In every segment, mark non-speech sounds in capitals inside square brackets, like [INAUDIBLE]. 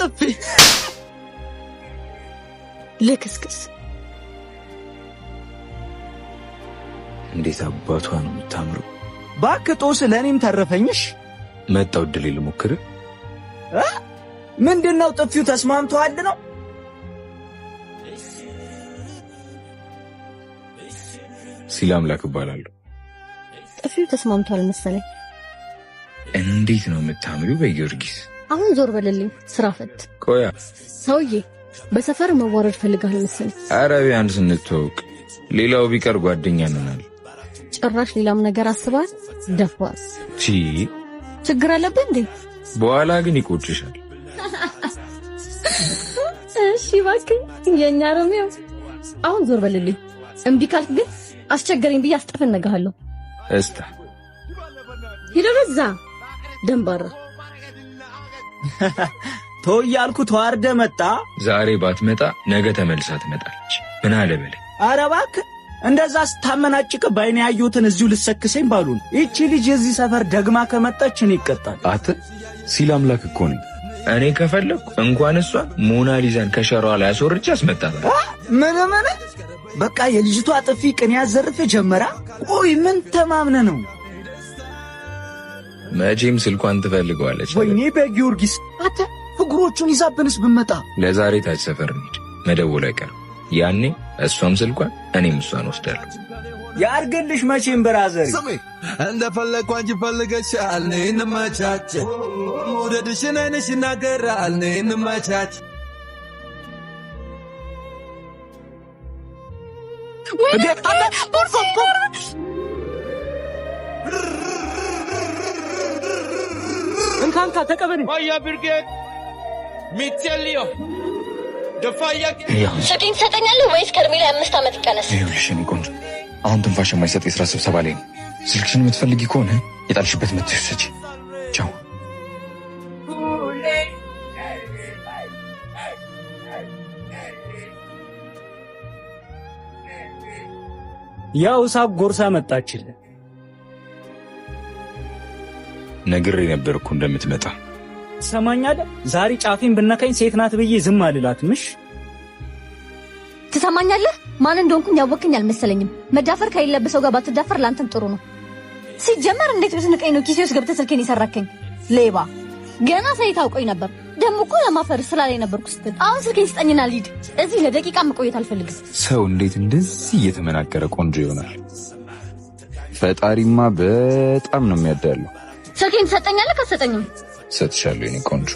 ጥፊ ልክስክስ እንዴት አባቷ ነው የምታምረው! እባክህ ጦስ ለእኔም ተረፈኝሽ። መጣው እድል ልሞክር። ምንድን ነው ጥፊው? ተስማምተዋል ነው ሲል አምላክ እባላለሁ። ጥፊው ተስማምቷል መሰለኝ። እንዴት ነው የምታምሪው? በጊዮርጊስ አሁን ዞር በልልኝ ስራ ፈት። ቆያ ሰውዬ በሰፈር መዋረድ ፈልጋል መሰለኝ። ኧረ ቢያንስ እንተዋወቅ፣ ሌላው ቢቀር ጓደኛ ንናል። ጭራሽ ሌላም ነገር አስባል። ደፋስ ቺ ችግር አለብህ እንዴ? በኋላ ግን ይቆጭሻል። እሺ እባክህ የእኛ ሮሚው፣ አሁን ዞር በልልኝ። እምቢ ካልክ ግን አስቸገረኝ ብዬ አስጠፈነግሃለሁ። እስታ በዛ ደንባራ ቶ [LAUGHS] እያልኩ ተዋርደ መጣ። ዛሬ ባትመጣ ነገ ተመልሳ ትመጣለች። ምን አለ አረባክ እንደዛ ስታመናጭቅ ባይኔ ያየሁትን እዚሁ ልሰክሰኝ ባሉን። ይቺ ልጅ የዚህ ሰፈር ደግማ ከመጣች እኔ ይቀጣል። አት ሲል አምላክ እኮ ነኝ እኔ ከፈለግኩ እንኳን እሷ ሞናሊዛን ከሸሯ ላይ አስወርጄ አስመጣታል። ምን ምን በቃ የልጅቷ ጥፊ ቅን ያዘርፍ ጀመራ። ቆይ ምን ተማምነ ነው መቼም ስልኳን ትፈልገዋለች። ወይኔ በጊዮርጊስ አተ እግሮቹን ይዛብንስ ብመጣ። ለዛሬ ታች ሰፈር እንሂድ፣ መደወል አይቀርም። ያኔ እሷም ስልኳን እኔም እሷን ወስዳለሁ። ያርግልሽ መቼም ብራዘር እንደፈለግኩ አንቺ ፈልገሻል። እንመቻች መውደድሽን አይንሽ ይናገራል። እንመቻች ወይ እንካንካ ተቀበል ፋያ ብርጌድ ሚቴልዮ ደፋያ ስልኬን ትሰጠኛለህ ወይስ ከእድሜ ላይ አምስት ዓመት ይቀነስ? ይኸውልሽ የእኔ ቆንጆ አሁን ትንፋሽ የማይሰጥ የስራ ስብሰባ ላይ ነው። ስልክሽን የምትፈልጊ ከሆነ የጣልሽበት መትሽ ውሰጂ። ቻው። ያው ሳብ ጎርሳ መጣችልን። ነግሬ ነበር እኮ እንደምትመጣ ትሰማኛለህ? ዛሬ ጫፌን ብነካኝ ሴት ናት ብዬ ዝም አልላትምሽ። ትሰማኛለህ? ማን እንደሆንኩኝ ያወቅኝ አልመሰለኝም። መዳፈር ከሌለበት ሰው ጋር ባትዳፈር ለአንተም ጥሩ ነው። ሲጀመር እንዴት ብትንቀኝ ነው ኪሴ ውስጥ ገብተህ ስልኬን የሰራከኝ ሌባ? ገና ሳይ ታውቀኝ ነበር። ደሞ እኮ ለማፈር ስላላይ ነበርኩ ስትል አሁን ስልኬን ስጠኝና ልሂድ። እዚህ ለደቂቃ መቆየት አልፈልግም። ሰው እንዴት እንደዚህ እየተመናገረ ቆንጆ ይሆናል? ፈጣሪማ በጣም ነው የሚያዳለው። ስልኬን ትሰጠኛለህ? አትሰጠኝም? እሰጥሻለሁ የእኔ ቆንጆ።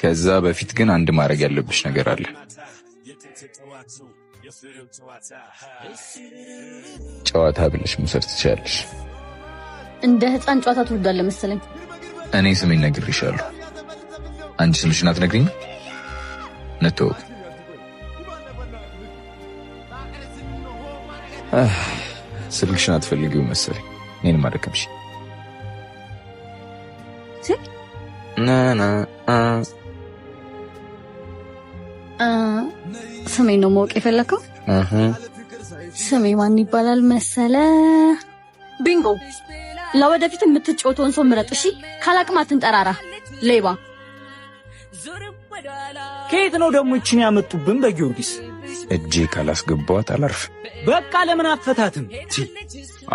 ከዛ በፊት ግን አንድ ማድረግ ያለብሽ ነገር አለ። ጨዋታ ብለሽ መውሰድ ትችላለሽ። እንደ ህፃን ጨዋታ ትወዳለህ መሰለኝ። እኔ ስሜን ነግሬሻለሁ። አንቺ ስምሽን አትነግሪኝ። እንተዋወቅ ስልክሽን አትፈልጊው መሰለኝ። እኔን ማደከምሽ ስሜ ነው ማወቅ የፈለከው? ስሜ ማን ይባላል መሰለ? ቢንጎ። ለወደፊት የምትጫወተውን ሰው ምረጥ እሺ። ካላቅማት እንጠራራ ሌባ። ከየት ነው ደግሞ ይችን ያመጡብን? በጊዮርጊስ እጄ ካላስገባዋት አላርፍ በቃ ለምን አፈታትም?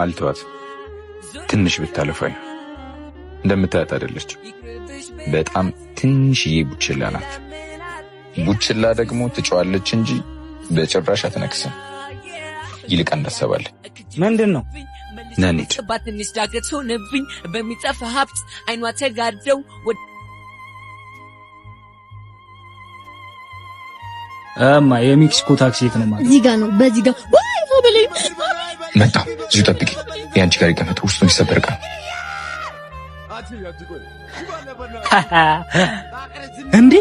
አልተዋት። ትንሽ ብታለፋኝ እንደምታያት አይደለች። በጣም ትንሽዬ ቡችላ ናት። ቡችላ ደግሞ ትጫዋለች እንጂ በጭራሽ አትነክስም። ይልቅ እንዳሰባለን ምንድን ነው ናኔት ባት ትንሽ ዳገት ሆነብኝ በሚጠፋ ሀብት አይኗ ተጋደው እማ የሜክሲኮ ታክሲ የት ነው ማለት እዚህ ጋ ነው በዚህ ጋ በለኝ። መጣ። እዚሁ ጠብቂ። የአንቺ ጋር ይቀመጥ፣ ውስጡ ይሰበርቃል እንዴ!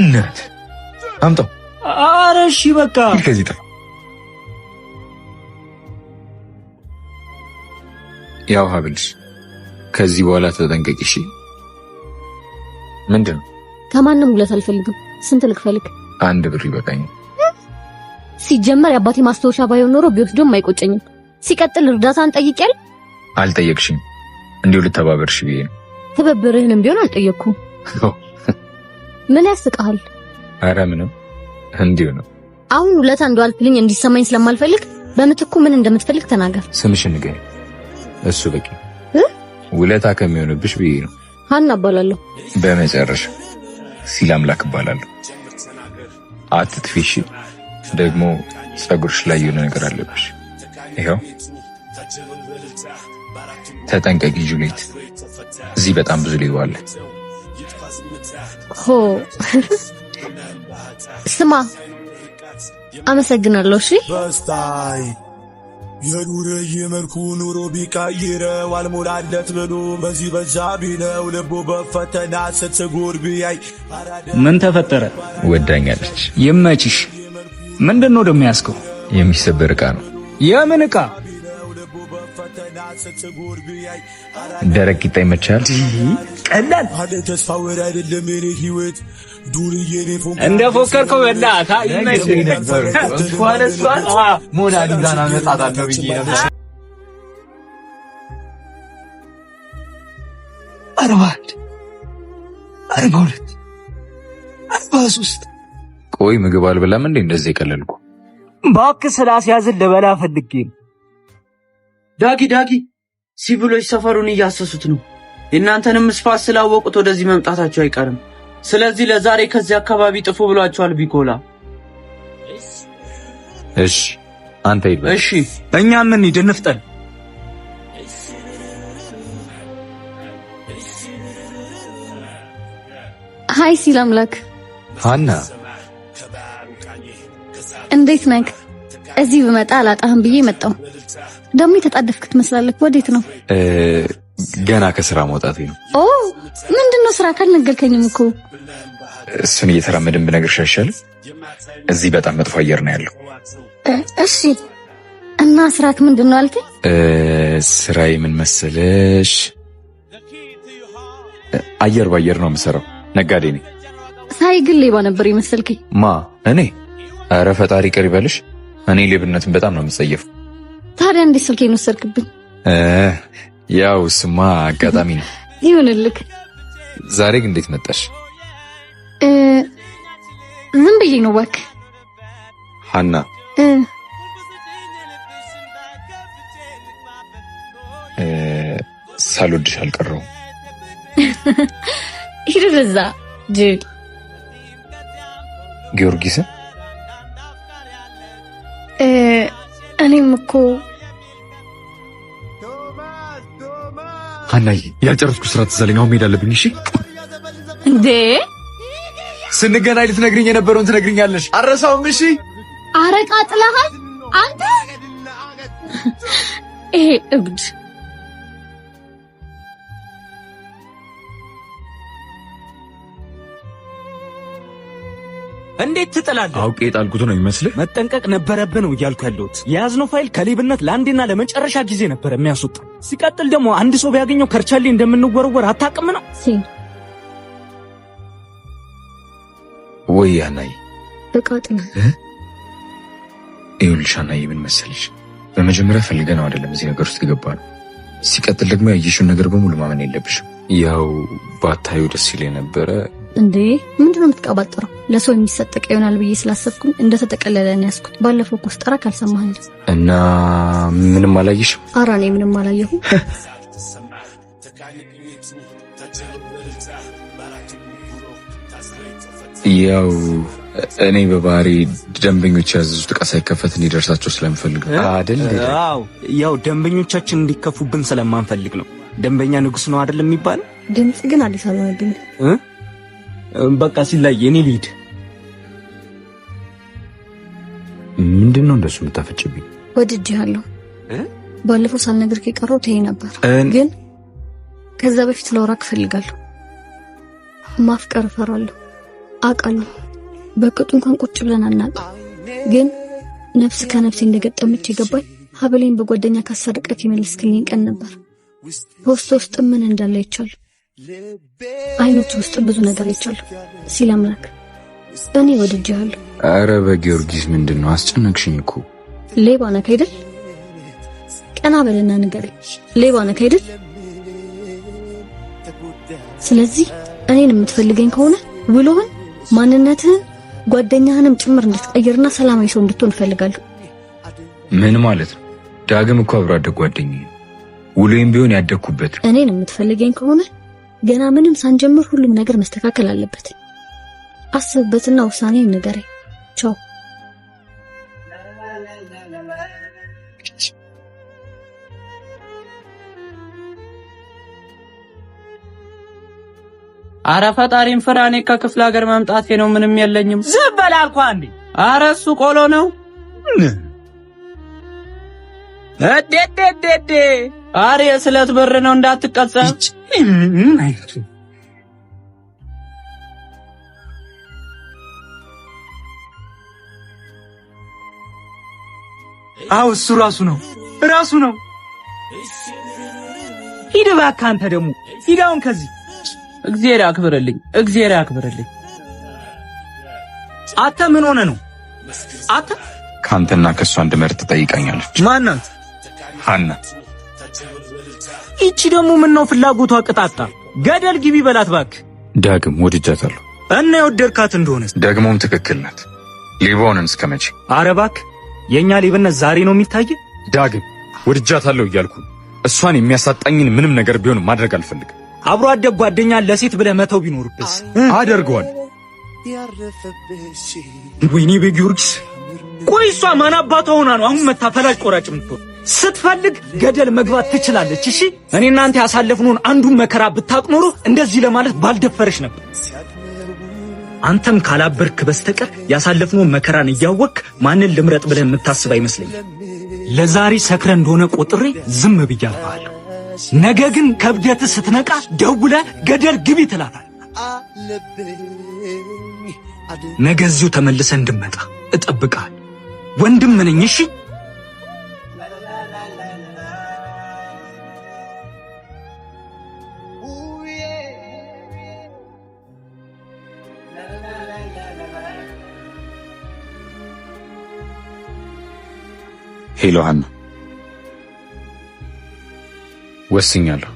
እናት አምጣው። እሺ በቃ ከዚህ ያው ሀብልሽ፣ ከዚህ በኋላ ተጠንቀቂ እሺ። ምንድን ነው? ከማንም ውለት አልፈልግም። ስንት ልክፈልግ? አንድ ብር ይበቃኝ። ሲጀመር የአባቴ ማስታወሻ ባይሆን ኖሮ ቢወስዶም አይቆጨኝም። ሲቀጥል እርዳታን ጠይቄያል። አልጠየቅሽም፣ እንዲሁ ልተባበርሽ ብዬ ነው። ትብብርህንም ቢሆን አልጠየቅኩም። ምን ያስቀሃል? አረ ምንም፣ እንዲሁ ነው። አሁን ሁለት አንዱ አልክልኝ እንዲሰማኝ ስለማልፈልግ በምትኩ ምን እንደምትፈልግ ተናገር። ስምሽ ንገኝ፣ እሱ በቂ ውለታ ከሚሆንብሽ ብዬ ነው። ሀና እባላለሁ። በመጨረሻ ሲል አምላክ እባላለሁ። አትጥፊ። ደግሞ ጸጉርሽ ላይ የሆነ ነገር አለብሽ። ይኸው ተጠንቀቂ ጁሌት፣ እዚህ በጣም ብዙ ሌባ አለ። ሆ ስማ፣ አመሰግናለሁ። እሺ በስታይ የዱር መልኩ ኑሮ ቢቀይረው አልሞላለት ብሎ በዚህ በዛ ቢለው ልቡ በፈተና ስትጎር ቢያይ ምን ተፈጠረ? ወዳኛለች። ይመችሽ ምንድን ነው ደግሞ ያዝከው? የሚሰበር ዕቃ ነው። የምን ዕቃ? ደረቅ ቂጣ ይመቻል። ቀላል እንደ ፎከርከው በላ አርባ አንድ አርባ ሁለት አርባ ሶስት ቆይ ምግብ አልበላም እንዴ? እንደዚህ የቀለልኩ እባክህ ስላስያዝን ልበላ ፈልጌ ዳጊ ዳጊ፣ ሲቪሎች ሰፈሩን እያሰሱት ነው። የእናንተንም ስፋት ስላወቁት ወደዚህ መምጣታቸው አይቀርም። ስለዚህ ለዛሬ ከዚህ አካባቢ ጥፉ ብሏቸዋል ቢኮላ። እሺ አንተ ይበል። እሺ፣ እኛ ምን እንፍጠን። ሀይ ሲል አምላክ ሀና እንዴት ነህ? እዚህ ብመጣ አላጣህም ብዬ መጣሁ። ደግሞ የተጣደፍክ ትመስላለህ። ወዴት ነው? ገና ከስራ መውጣት ነው። ኦ ምንድን ነው ስራ? ካልነገርከኝም እኮ እሱን እየተራመድን ብነግርሽ አይሻልም? እዚህ በጣም መጥፎ አየር ነው ያለው። እሺ እና ስራክ ምንድን ነው አልከኝ? ስራዬ ምን መሰለሽ፣ አየር በአየር ነው የምሰራው። ነጋዴ ነኝ። ሳይ ግን ሌባ ነበር የመሰልከኝ። ማ እኔ አረ ፈጣሪ ቅር ይበልሽ። እኔ ሌብነትን በጣም ነው የምጸየፈው። ታዲያ እንዴት ስልኬን ወሰድክብኝ? ያው ስማ አጋጣሚ ነው። ይሁንልክ። ዛሬ ግን እንዴት መጣሽ? ምን ብዬ ነው እባክህ። ሀና ሳልወድሽ አልቀረው። ሂድ እዛ ጅል ጊዮርጊስን እኔም እኮ ሀናዬ ያልጨረስኩ ስራ ትዝ አለኝ። አሁን መሄድ አለብኝ። እሺ እንዴ ስንገናኝ ልትነግሪኝ የነበረውን ትነግሪኛለሽ። አረሳውም። እሺ አረቃ ጥላሃል አንተ ይሄ እብድ እንዴት ትጥላለህ? አውቄ ጣልኩት ነው የሚመስልህ? መጠንቀቅ ነበረብህ ነው እያልኩ ያለሁት። የያዝነው ፋይል ከሌብነት ለአንዴና ለመጨረሻ ጊዜ ነበር የሚያስወጣ። ሲቀጥል ደግሞ አንድ ሰው ቢያገኘው ከርቸሌ እንደምንወረወር አታውቅም ነው ወይ? አናይ በቃጥነ ይኸውልሽ፣ አናይ ምን መሰልሽ፣ በመጀመሪያ ፈልገን ነው አይደለም እዚህ ነገር ውስጥ የገባ ነው። ሲቀጥል ደግሞ ያየሽውን ነገር በሙሉ ማመን የለብሽም። ያው ባታዩ ደስ ይለኝ የነበረ እንዴ ምንድነው የምትቀባጥረው? ለሰው የሚሰጠቀ ይሆናል ብዬ ስላሰብኩኝ እንደተጠቀለለ ነው ያዝኩት። ባለፈው እኮ ስጠራ ካልሰማህል እና ምንም አላየሽም? ኧረ እኔ ምንም አላየሁም። [LAUGHS] ያው እኔ በባህሪ ደንበኞች ያዘዙት ዕቃ ሳይከፈት እንዲደርሳቸው ስለምፈልግ አይደል? ያው ደንበኞቻችን እንዲከፉብን ስለማንፈልግ ነው። ደንበኛ ንጉስ ነው አይደል የሚባል። ድምፅ ግን አዲስ አበባ በቃ ሲላይ እኔ ልሂድ። ምንድን ነው እንደሱ የምታፈጭብኝ? ወድጄሃለሁ። ባለፈው ሳልነግርህ የቀረሁት ይሄ ነበር፣ ግን ከዛ በፊት ላውራክ እፈልጋለሁ። ማፍቀር እፈራለሁ አውቃለሁ። በቅጡ እንኳን ቁጭ ብለን አናውቅም፣ ግን ነፍስ ከነፍሴ እንደገጠመች የገባኝ ሀብሌን በጓደኛ ካሳረቀት የመለስክልኝ ቀን ነበር። ፖስት ውስጥ ምን እንዳለ ይቻል አይኖች ውስጥ ብዙ ነገር ይቻሉ ሲል አምላክ እኔ ወድጄሃለሁ። አረ በጊዮርጊስ ምንድን ነው አስጨነቅሽኝ እኮ። ሌባ ነህ አይደል? ቀና በልና ነገር ሌባ ነህ አይደል? ስለዚህ እኔን የምትፈልገኝ ከሆነ ውሎህን፣ ማንነትህን፣ ጓደኛህንም ጭምር እንድትቀይርና ሰላማዊ ሰው እንድትሆን እፈልጋለሁ። ምን ማለት ነው? ዳግም እኮ አብሮ አደግ ጓደኛዬ ነው። ውሎዬም ቢሆን ያደግኩበት። እኔን የምትፈልገኝ ከሆነ ገና ምንም ሳንጀምር ሁሉም ነገር መስተካከል አለበት። አስብበትና ውሳኔ ነገር ቻው። አረ ፈጣሪን ፍራ። እኔ ከክፍለ ሀገር መምጣቴ ነው። ምንም የለኝም። ዝም በል አልኳህ እንዴ! አረ እሱ ቆሎ ነው። እዴዴዴዴ አሬ ስለት በር ነው እንዳትቀጸም። አው እሱ ራሱ ነው ራሱ ነው። ሂድ እባክህ አንተ ደግሞ ሂድ አሁን ከዚህ። እግዚአብሔር ያክብርልኝ፣ እግዚአብሔር ያክብርልኝ። አተ ምን ሆነ ነው አንተ? ከአንተና ከእሷ እንድመርጥ ጠይቃኛለች። ማናት? ሀና ይቺ ደግሞ ምነው ፍላጎቷ ቅጣጣ ገደል ግቢ በላት ባክ። ዳግም ወድጃታለሁ እና የወደድካት እንደሆነ ደግሞም ትክክል ናት። ሌባውንም እስከ መቼ? አረ ባክ የእኛ ሌብነት ዛሬ ነው የሚታየ። ዳግም ወድጃታለሁ እያልኩ እሷን የሚያሳጣኝን ምንም ነገር ቢሆን ማድረግ አልፈልግም። አብሮ አደግ ጓደኛ ለሴት ብለህ መተው ቢኖርብስ አደርገዋል። ወይኔ በጊዮርጊስ ቆይ እሷ ማን አባቷ ሆና ነው አሁን መታፈላጭ ቆራጭ ምትሆን? ስትፈልግ ገደል መግባት ትችላለች። እሺ እኔ እናንተ ያሳለፍነውን አንዱን መከራ ብታቅኖሩ ኖሮ እንደዚህ ለማለት ባልደፈረች ነበር። አንተም ካላበርክ በስተቀር ያሳለፍነውን መከራን እያወቅክ ማንን ልምረጥ ብለህ የምታስብ አይመስለኝም። ለዛሬ ሰክረ እንደሆነ ቆጥሬ ዝም ብዬ ነገ ግን ከብደት ስትነቃ ደውለ ገደል ግቢ ትላላል። ነገ እዚሁ ተመልሰ እንድመጣ እጠብቃል። ወንድም ምንኝ እሺ ሄሎ ሀና፣ ወስኛለሁ።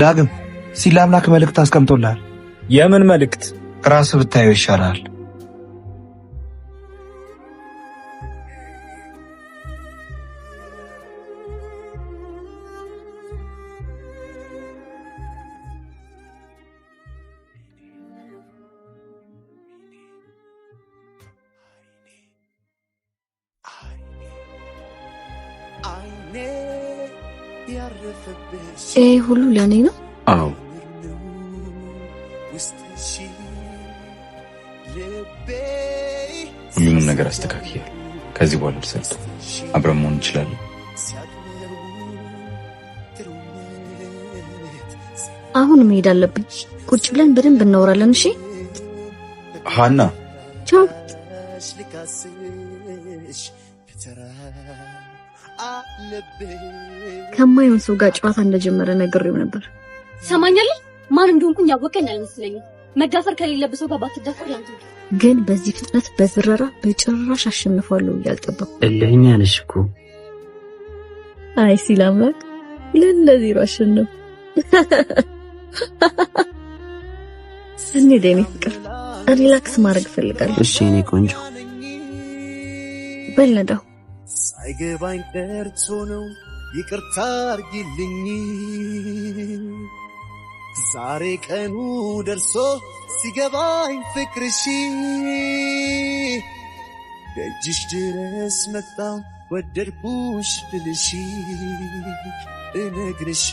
ዳግም ሲል አምላክ መልእክት አስቀምጦልሃል። የምን መልእክት? ራስህ ብታየው ይሻላል። ይሄ ሁሉ ለእኔ ነው? አዎ። ሁሉንም ነገር አስተካክያል። ከዚህ በኋላ ልሰጥ አብረን መሆን እንችላለን። አሁን መሄድ አለብኝ። ቁጭ ብለን በደንብ እናወራለን። እሺ ሃና፣ ቻው። ከማይሆን ሰው ጋር ጨዋታ እንደጀመረ ነግሬው ነበር። ሰማኛለህ። ማን እንደሆንኩኝ ያወቀኝ አይመስለኝም። መዳፈር ከሌለብህ ሰው ጋር ባትዳፈር ያንተ ግን በዚህ ፍጥነት በዝረራ በጭራሽ አሸንፏለሁ እያልጠበኩ እልህኝ ነሽ እኮ አይ ሲል አምላክ ልን ለዜሮ አሸነፍ ስንሄድ የኔ ፍቅር ሪላክስ ማድረግ እፈልጋለሁ። እሺ የኔ ቆንጆ በልነዳው ሳይገባኝ ቀርቶ ነው ይቅርታ አርጊልኝ። ዛሬ ቀኑ ደርሶ ሲገባኝ ፍቅርሽ በእጅሽ ድረስ መጣው ወደድኩሽ ብልሽ እነግርሽ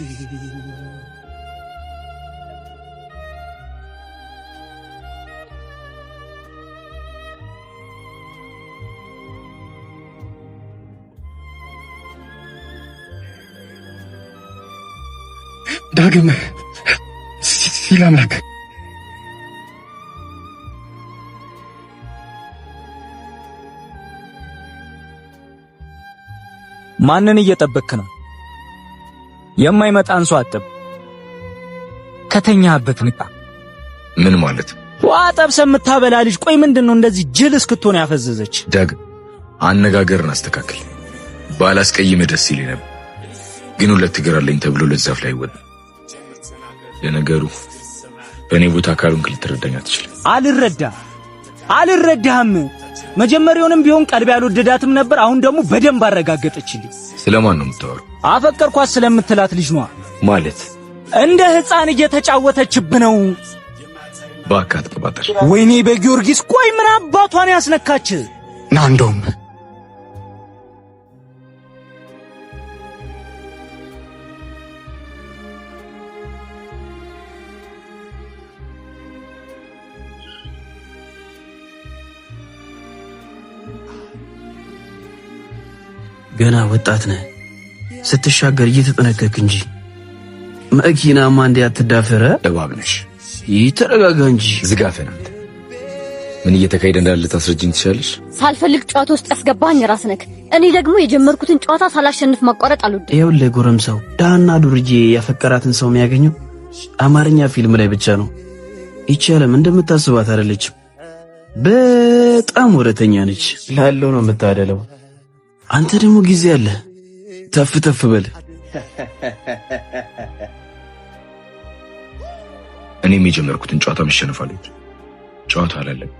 ዳግም ሲል አምላክ ማንን እየጠበክ ነው? የማይመጣን ሰው አጠብ። ከተኛህበት ንቃ። ምን ማለት ዋ ጠብሰ የምታበላ ልጅ። ቆይ ምንድን ነው እንደዚህ ጅል እስክትሆን ያፈዘዘች? ዳግ አነጋገርን አስተካክል። ባላስቀይም ደስ ይለኝ ነበር፣ ግን ሁለት እግር አለኝ ተብሎ ለዛፍ ላይ ወጣ። ለነገሩ በእኔ ቦታ ካልሆንክ ልትረዳኝ አትችልም። አልረዳ አልረዳህም። መጀመሪያውንም ቢሆን ቀልቤ አልወደዳትም ነበር። አሁን ደግሞ በደንብ አረጋገጠችልኝ። ስለማን ነው የምታወራው? አፈቀርኳት ስለምትላት ልጅ ነዋ። ማለት እንደ ሕፃን እየተጫወተችብ ነው። በአካት ቅባጠር። ወይኔ በጊዮርጊስ ቆይ፣ ምን አባቷን ያስነካች ና እንደውም ገና ወጣት ነህ፣ ስትሻገር እየተጠነቀክ እንጂ መኪናማ እንዲህ አትዳፈረ። ነሽ። ይተረጋጋ እንጂ ዝጋፈ ናት። ምን እየተካሄደ እንዳለ ታስረጅኝ ትችላለሽ። ሳልፈልግ ጨዋታ ውስጥ ያስገባኝ ራስ ነክ። እኔ ደግሞ የጀመርኩትን ጨዋታ ሳላሸንፍ ማቋረጥ አልወድም። ይኸውልህ ጎረምሳው፣ ዳና ዱርዬ ያፈቀራትን ሰው የሚያገኘው አማርኛ ፊልም ላይ ብቻ ነው። ይቻለም እንደምታስባት አይደለችም። በጣም ወረተኛ ነች። ላለው ነው የምታደለው አንተ ደግሞ ጊዜ አለ፣ ተፍ ተፍ በል። እኔም የጀመርኩትን ጨዋታ መሸነፍ አለች። ጨዋታ አላለም